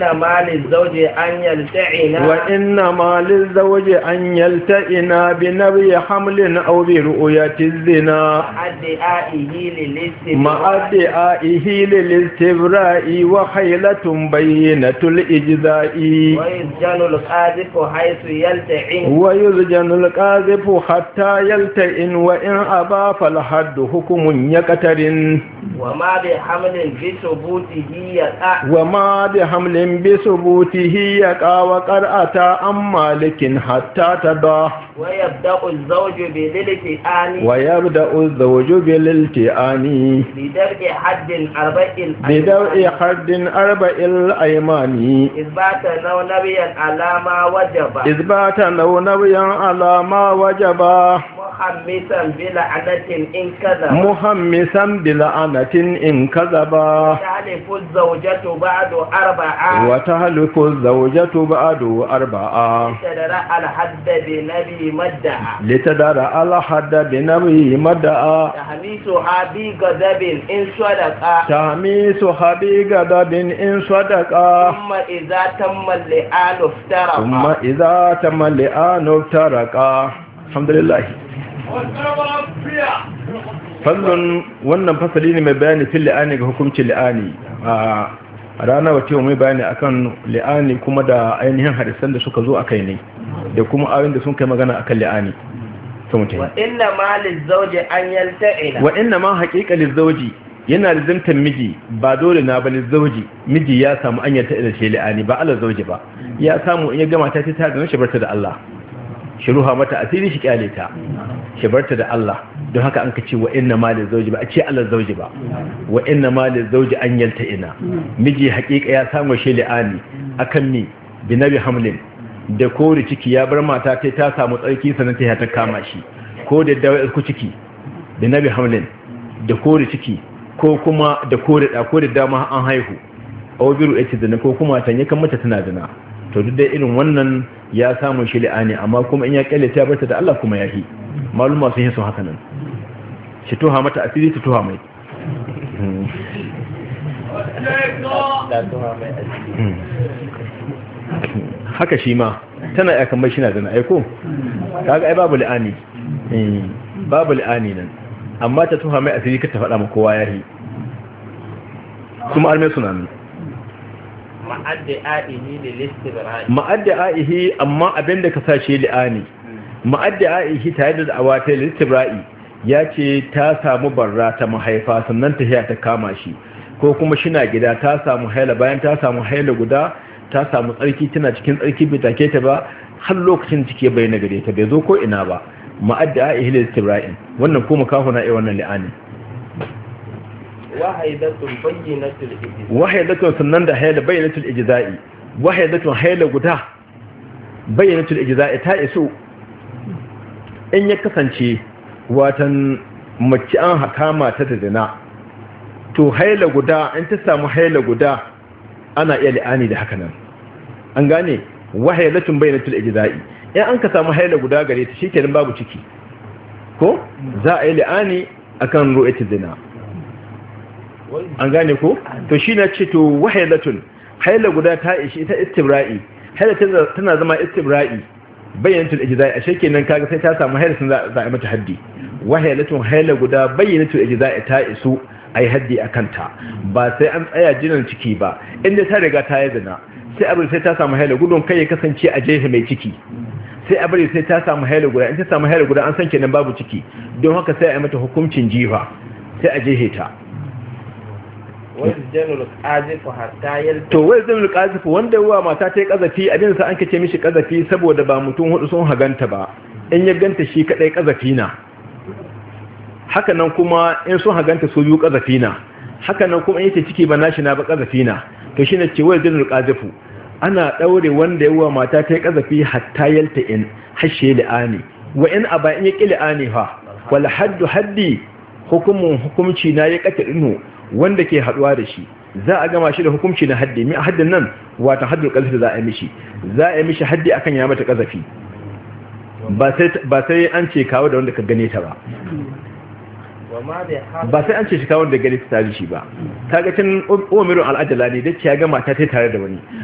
وإنما للزوج أن يلتئنا وإنما للزوج أن يلتئنا بنوي حمل أو برؤية الزنا مع ادعائه للاستبراء وخيلة بينة الإجزاء ويزجن القاذف حيث يلتئن ويسجن القاذف حتى يلتئن وإن أبى فالحد حكم يكترن وما بحمل ثبوته يقع وما بحمل In bi subutihi ya kawo kar'ata an malikin hatta ta ba wa yabda uzzawaju bi lilti ani bi dar'i haddin arba'il aimani izbata nau nabiyan alama wajaba محمسا بلعنة إن كذب محمسا بلعنة إن كذب وتهلك الزوجة بعد أربعة وتهلك الزوجة بعد أربعة لتدرأ الحد بنبي مدعى لتدرأ الحد بنبي مدعى تهميسها بغضب إن صدقا تهميسها بغضب إن صدقا ثم إذا تم اللئان افترقا ثم إذا تم اللئان افترقا alhamdulillah fallon wannan fasali ne mai bayani fil li'ani ga hukuncin li'ani a rana wace mai bayani akan li'ani kuma da ainihin hadisan da suka zo akai ne da kuma ayoyin da sun kai magana akan li'ani wa inna ma lizawji an yalta'ina wa inna ma haqiqa lizawji yana lizantar miji ba dole na ba lizawji miji ya samu an yalta'ina shi li'ani ba ala zawji ba ya samu in ya gama ta ta ta da shi barta da Allah shi ruha mata asiri shi kyale ta shi barta da Allah don haka an ka ce wa na malin zauji ba a ce Allah zauji ba wa na malin zauji an yanta ina miji hakika ya samu shi li'ani akan mi bi nabi hamlin da kori ciki ya bar mata ta ta samu tsarki sanan ta ta kama shi ko da dawa ku ciki bi nabi hamlin da kori ciki ko kuma da kori da ko dama an haihu aw ya ita da ko kuma tanye kan mata tana zina to duk dai irin wannan ya samu shi li'ani amma kuma in ya kalle ta barta da Allah kuma yahi maluma sun yi sun haka nan shi toha mata asiri ta toha mai haka shi ma tana ya kamar shina zana aiko kaga ai babu li'ani eh, babu li'ani nan amma ta toha mai asiri ka ta faɗa ma kowa yahi kuma almai suna nan ma'adda aihi amma abin da ka sashe li'ani ma'adda aihi tare da da'awa ta listibra'i ya ce ta samu barra ta mahaifa sannan ta ta kama shi ko kuma shina gida ta samu haila bayan ta samu haila guda ta samu tsarki tana cikin tsarki bai take ta ba har lokacin cike bai na gare ta bai zo ko ina ba ma'adda aihi listibra'in wannan kuma kahuna ai wannan li'ani wahaidatun sannan da haila bayyanatul ijza'i wahaidatun haila guda bayyanatul ijza'i ta iso in ya kasance watan mace an hakama ta da zina to haila guda in ta samu haila guda ana iya li'ani da haka nan an gane wahaidatun bayyanatul ijza'i in an ka samu haila guda gare ta shikenan babu ciki ko za a yi li'ani akan ru'atul zina an gane ko to shi na ce to wahailatun haila guda ta ishi ita istibra'i haila tana zama istibra'i bayyanatul ijza'i ashe kenan kaga sai ta samu haila sun za a mata haddi wahailatun haila guda bayyanatul ijza'i ta isu ai haddi akan ta ba sai an tsaya jinan ciki ba inda ta riga ta yi zina sai abin sai ta samu haila gudun kai ya kasance a jehi mai ciki sai a bari sai ta samu haila guda in ta samu haila guda an san kenan babu ciki don haka sai a yi mata hukuncin jifa sai a jehe ta to wai zanul qazifu wanda yawa mata ta yi kazafi abin sa an kace mishi kazafi saboda ba mutum hudu sun haganta ba in ya ganta shi kadai kazafi na haka nan kuma in sun haganta su biyu kazafi na haka nan kuma in ta ciki ba nashi na ba kazafi na to shine ce wai zanul qazifu ana daure wanda yawa mata ta yi kazafi hatta yalta in hashe li'ani wa in aba in ya qil'ani fa wal haddu haddi hukumun hukumci na ya qatinu wanda ke haduwa da shi za a gama shi da hukunci na haddi mai haddin nan wata haddin kalfi za a yi mishi za a yi mishi haddi a ya mata kazafi ba sai an ce kawo da wanda ka gane ta ba ba sai an ce shi kawo da gane ta tare shi ba ta gacin umarin al'adala ne da ya gama ta tare da wani